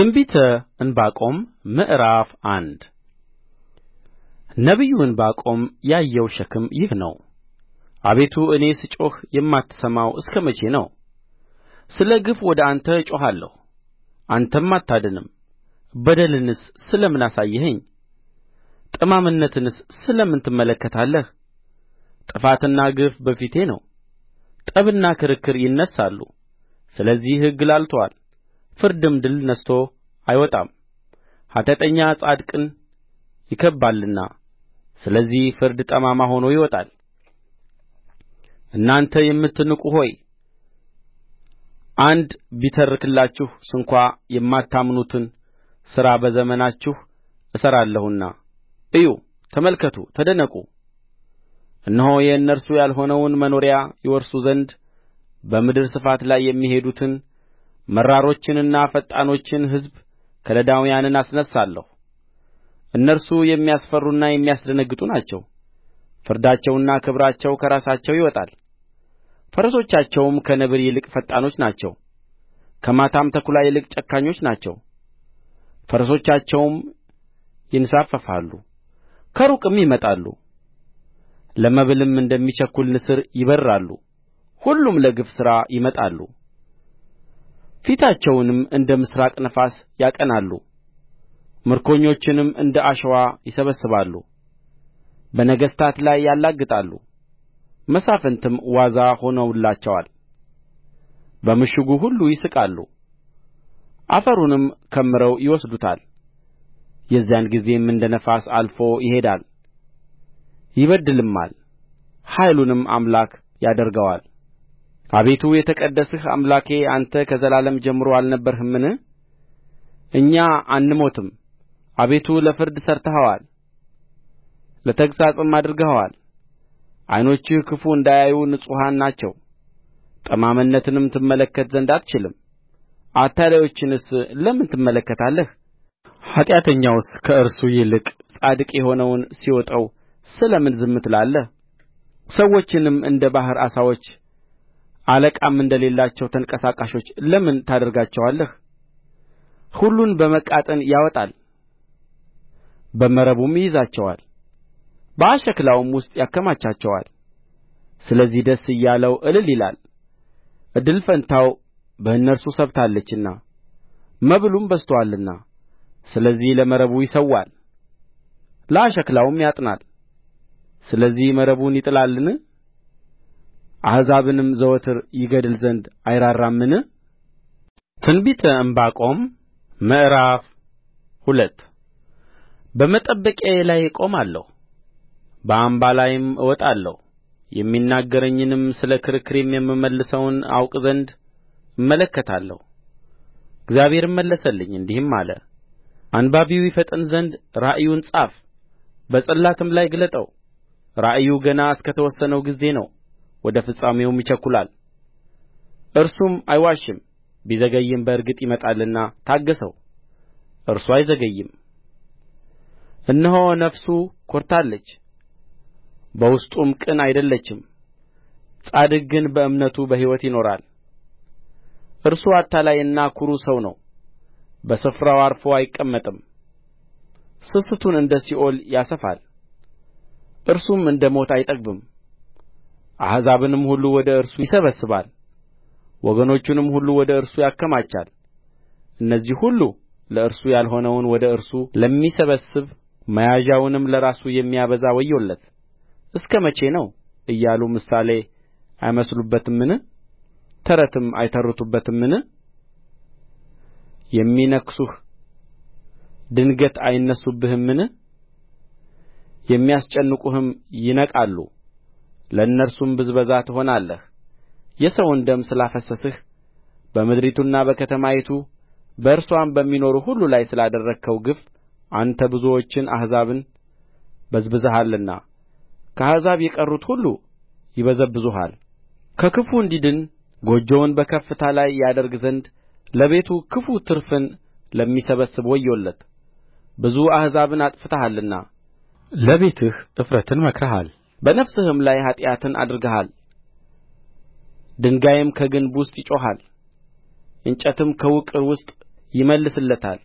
ትንቢተ ዕንባቆም ምዕራፍ አንድ ነቢዩ ዕንባቆም ያየው ሸክም ይህ ነው አቤቱ እኔ ስጮኽ የማትሰማው እስከ መቼ ነው ስለ ግፍ ወደ አንተ እጮኻለሁ አንተም አታድንም በደልንስ ስለ ምን አሳየኸኝ ጠማምነትንስ ስለ ምን ትመለከታለህ ጥፋትና ግፍ በፊቴ ነው ጠብና ክርክር ይነሣሉ ስለዚህ ሕግ ላልቶአል ፍርድም ድል ነሥቶ አይወጣም ኃጢአተኛ ጻድቅን ይከብባልና ስለዚህ ፍርድ ጠማማ ሆኖ ይወጣል እናንተ የምትንቁ ሆይ አንድ ቢተርክላችሁ ስንኳ የማታምኑትን ሥራ በዘመናችሁ እሠራለሁና እዩ ተመልከቱ ተደነቁ እነሆ የእነርሱ ያልሆነውን መኖሪያ ይወርሱ ዘንድ በምድር ስፋት ላይ የሚሄዱትን መራሮችንና ፈጣኖችን ሕዝብ ከለዳውያንን አስነሣለሁ እነርሱ የሚያስፈሩና የሚያስደነግጡ ናቸው ፍርዳቸውና ክብራቸው ከራሳቸው ይወጣል ፈረሶቻቸውም ከነብር ይልቅ ፈጣኖች ናቸው ከማታም ተኵላ ይልቅ ጨካኞች ናቸው ፈረሶቻቸውም ይንሳፈፋሉ ከሩቅም ይመጣሉ ለመብልም እንደሚቸኵል ንስር ይበርራሉ ሁሉም ለግፍ ሥራ ይመጣሉ ፊታቸውንም እንደ ምሥራቅ ነፋስ ያቀናሉ ምርኮኞችንም እንደ አሸዋ ይሰበስባሉ በነገሥታት ላይ ያላግጣሉ መሳፍንትም ዋዛ ሆነውላቸዋል በምሽጉ ሁሉ ይስቃሉ አፈሩንም ከምረው ይወስዱታል የዚያን ጊዜም እንደ ነፋስ አልፎ ይሄዳል ይበድልማል ኃይሉንም አምላክ ያደርገዋል አቤቱ የተቀደስህ አምላኬ አንተ ከዘላለም ጀምሮ አልነበርህምን እኛ አንሞትም አቤቱ ለፍርድ ሠርተኸዋል ለተግሣጽም አድርገኸዋል ዓይኖችህ ክፉ እንዳያዩ ንጹሐን ናቸው ጠማምነትንም ትመለከት ዘንድ አትችልም አታላዮችንስ ለምን ትመለከታለህ ኃጢአተኛውስ ከእርሱ ይልቅ ጻድቅ የሆነውን ሲውጠው ስለ ምን ዝም ትላለህ ሰዎችንም እንደ ባሕር ዓሣዎች አለቃም እንደሌላቸው ተንቀሳቃሾች ለምን ታደርጋቸዋለህ ሁሉን በመቃጥን ያወጣል በመረቡም ይይዛቸዋል በአሽክላውም ውስጥ ያከማቻቸዋል ስለዚህ ደስ እያለው እልል ይላል እድል ፈንታው በእነርሱ ሰብታለችና መብሉም በዝቶአልና ስለዚህ ለመረቡ ይሠዋል ለአሽክላውም ያጥናል ስለዚህ መረቡን ይጥላልን አሕዛብንም ዘወትር ይገድል ዘንድ አይራራምን ትንቢተ ዕንባቆም ምዕራፍ ሁለት በመጠበቂያዬ ላይ እቆማለሁ በአምባ ላይም እወጣለሁ የሚናገረኝንም ስለ ክርክሬም የምመልሰውን አውቅ ዘንድ እመለከታለሁ እግዚአብሔርም መለሰልኝ እንዲህም አለ አንባቢው ይፈጥን ዘንድ ራእዩን ጻፍ በጽላትም ላይ ግለጠው ራእዩ ገና እስከ ተወሰነው ጊዜ ነው ወደ ፍጻሜውም ይቸኵላል እርሱም አይዋሽም ቢዘገይም በእርግጥ ይመጣልና ታገሠው እርሱ አይዘገይም እነሆ ነፍሱ ኰርታለች በውስጡም ቅን አይደለችም ጻድቅ ግን በእምነቱ በሕይወት ይኖራል እርሱ አታላይና ኵሩ ሰው ነው በስፍራው ዐርፎ አይቀመጥም ስስቱን እንደ ሲኦል ያሰፋል እርሱም እንደ ሞት አይጠግብም አሕዛብንም ሁሉ ወደ እርሱ ይሰበስባል ወገኖቹንም ሁሉ ወደ እርሱ ያከማቻል እነዚህ ሁሉ ለእርሱ ያልሆነውን ወደ እርሱ ለሚሰበስብ መያዣውንም ለራሱ የሚያበዛ ወዮለት እስከ መቼ ነው እያሉ ምሳሌ አይመስሉበትምን ተረትም አይተርቱበትምን የሚነክሱህ ድንገት አይነሡብህምን የሚያስጨንቁህም ይነቃሉ ለእነርሱም ብዝበዛ ትሆናለህ የሰውን ደም ስላፈሰስህ በምድሪቱና በከተማይቱ በእርስዋም በሚኖሩ ሁሉ ላይ ስላደረግኸው ግፍ አንተ ብዙዎችን አሕዛብን በዝብዘሃልና ከአሕዛብ የቀሩት ሁሉ ይበዘብዙሃል ከክፉ እንዲድን ጎጆውን በከፍታ ላይ ያደርግ ዘንድ ለቤቱ ክፉ ትርፍን ለሚሰበስብ ወዮለት ብዙ አሕዛብን አጥፍተሃልና ለቤትህ እፍረትን መክረሃል በነፍስህም ላይ ኃጢአትን አድርገሃል ድንጋይም ከግንብ ውስጥ ይጮኻል እንጨትም ከውቅር ውስጥ ይመልስለታል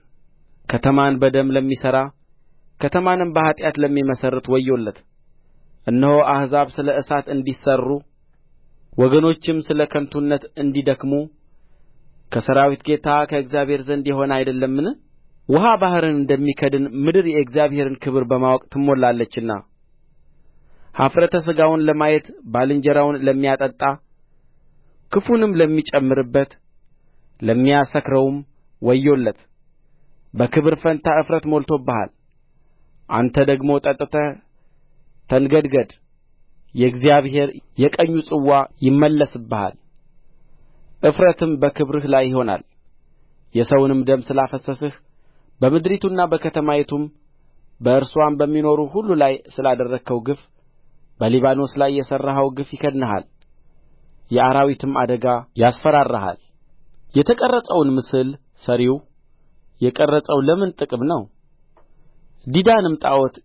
ከተማን በደም ለሚሠራ ከተማንም በኃጢአት ለሚመሠርት ወዮለት እነሆ አሕዛብ ስለ እሳት እንዲሠሩ ወገኖችም ስለ ከንቱነት እንዲደክሙ ከሠራዊት ጌታ ከእግዚአብሔር ዘንድ የሆነ አይደለምን ውኃ ባሕርን እንደሚከድን ምድር የእግዚአብሔርን ክብር በማወቅ ትሞላለችና ኀፍረተ ሥጋውን ለማየት ባልንጀራውን ለሚያጠጣ ክፉንም ለሚጨምርበት ለሚያሰክረውም ወዮለት በክብር ፋንታ እፍረት ሞልቶብሃል አንተ ደግሞ ጠጥተህ ተንገድገድ የእግዚአብሔር የቀኙ ጽዋ ይመለስብሃል እፍረትም በክብርህ ላይ ይሆናል የሰውንም ደም ስላፈሰስህ በምድሪቱና በከተማይቱም በእርስዋም በሚኖሩ ሁሉ ላይ ስላደረግኸው ግፍ በሊባኖስ ላይ የሠራኸው ግፍ ይከድንሃል የአራዊትም አደጋ ያስፈራራሃል የተቀረጸውን ምስል ሠሪው የቀረጸው ለምን ጥቅም ነው ዲዳንም ጣዖት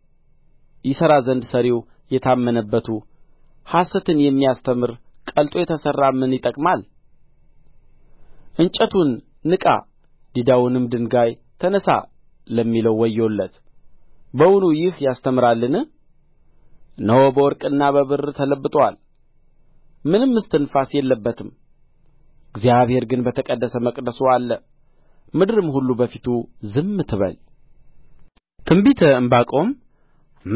ይሠራ ዘንድ ሠሪው የታመነበቱ ሐሰትን የሚያስተምር ቀልጦ የተሠራ ምን ይጠቅማል እንጨቱን ንቃ ዲዳውንም ድንጋይ ተነሣ ለሚለው ወዮለት በውኑ ይህ ያስተምራልን እነሆ በወርቅና በብር ተለብጦአል ምንም እስትንፋስ የለበትም እግዚአብሔር ግን በተቀደሰ መቅደሱ አለ ምድርም ሁሉ በፊቱ ዝም ትበል ትንቢተ ዕንባቆም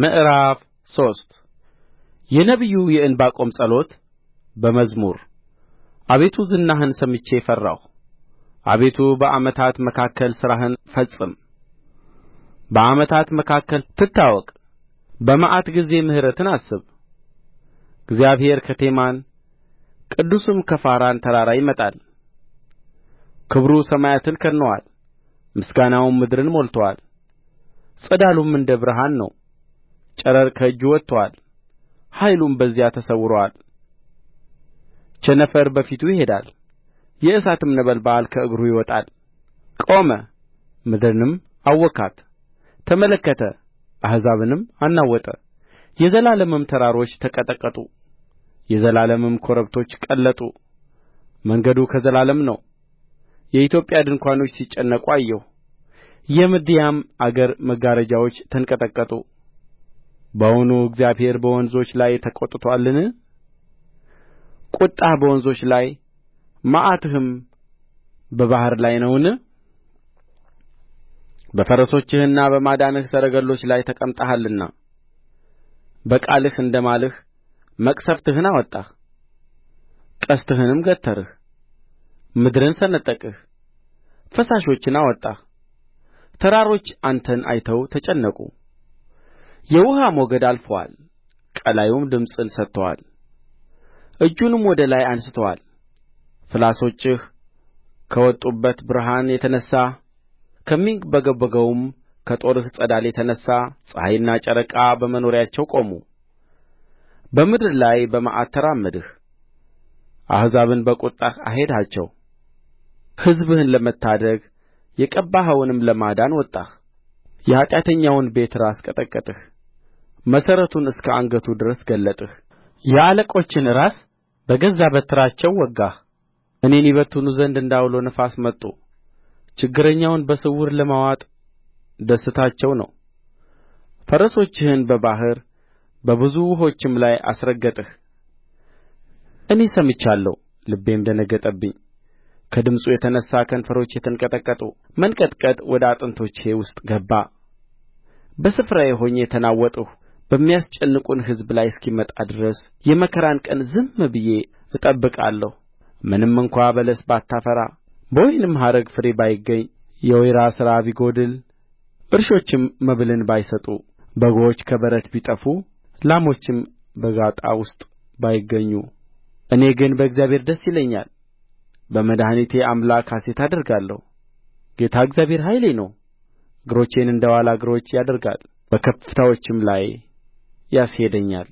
ምዕራፍ ሶስት የነቢዩ የዕንባቆም ጸሎት በመዝሙር አቤቱ ዝናህን ሰምቼ ፈራሁ አቤቱ በዓመታት መካከል ሥራህን ፈጽም በዓመታት መካከል ትታወቅ በመዓት ጊዜ ምሕረትን አስብ እግዚአብሔር ከቴማን ቅዱሱም ከፋራን ተራራ ይመጣል ክብሩ ሰማያትን ከድኖአል ምስጋናውም ምድርን ሞልቶአል ፀዳሉም እንደ ብርሃን ነው ጨረር ከእጁ ወጥቶአል ኃይሉም በዚያ ተሰውሮአል ቸነፈር በፊቱ ይሄዳል የእሳትም ነበልባል ከእግሩ ይወጣል ቆመ ምድርንም አወካት ተመለከተ አሕዛብንም አናወጠ የዘላለምም ተራሮች ተቀጠቀጡ የዘላለምም ኮረብቶች ቀለጡ መንገዱ ከዘላለም ነው የኢትዮጵያ ድንኳኖች ሲጨነቁ አየሁ የምድያም አገር መጋረጃዎች ተንቀጠቀጡ በውኑ እግዚአብሔር በወንዞች ላይ ተቈጥቶአልን ቍጣህ በወንዞች ላይ መዓትህም በባሕር ላይ ነውን በፈረሶችህና በማዳንህ ሰረገሎች ላይ ተቀምጠሃልና በቃልህ እንደ ማልህ መቅሠፍትህን አወጣህ ቀስትህንም ገተርህ ምድርን ሰነጠቅህ ፈሳሾችን አወጣህ ተራሮች አንተን አይተው ተጨነቁ የውኃ ሞገድ አልፎአል ቀላዩም ድምፅን ሰጥቶአል እጁንም ወደ ላይ አንሥቶአል ፍላጾችህ ከወጡበት ብርሃን የተነሣ ከሚንቦገቦገውም ከጦርህ ፀዳል የተነሣ ፀሐይና ጨረቃ በመኖሪያቸው ቆሙ በምድር ላይ በመዓት ተራመድህ አሕዛብን በቍጣህ አሄድሃቸው ሕዝብህን ለመታደግ የቀባኸውንም ለማዳን ወጣህ የኃጢአተኛውን ቤት ራስ ቀጠቀጥህ መሠረቱን እስከ አንገቱ ድረስ ገለጥህ የአለቆችን ራስ በገዛ በትራቸው ወጋህ እኔን ይበትኑ ዘንድ እንደ ዐውሎ ነፋስ መጡ ችግረኛውን በስውር ለማዋጥ ደስታቸው ነው ፈረሶችህን በባሕር በብዙ ውኆችም ላይ አስረገጥህ እኔ ሰምቻለሁ ልቤም ደነገጠብኝ ከድምፁ የተነሣ ከንፈሮቼ ተንቀጠቀጡ መንቀጥቀጥ ወደ አጥንቶቼ ውስጥ ገባ በስፍራዬ ሆኜ ተናወጥሁ በሚያስጨንቁን ሕዝብ ላይ እስኪመጣ ድረስ የመከራን ቀን ዝም ብዬ እጠብቃለሁ ምንም እንኳ በለስ ባታፈራ በወይንም ሐረግ ፍሬ ባይገኝ የወይራ ሥራ ቢጐድል እርሾችም መብልን ባይሰጡ በጎች ከበረት ቢጠፉ ላሞችም በጋጣ ውስጥ ባይገኙ እኔ ግን በእግዚአብሔር ደስ ይለኛል በመድኃኒቴ አምላክ ሐሤት አደርጋለሁ ጌታ እግዚአብሔር ኃይሌ ነው እግሮቼን እንደ ዋላ እግሮች ያደርጋል በከፍታዎችም ላይ ያስሄደኛል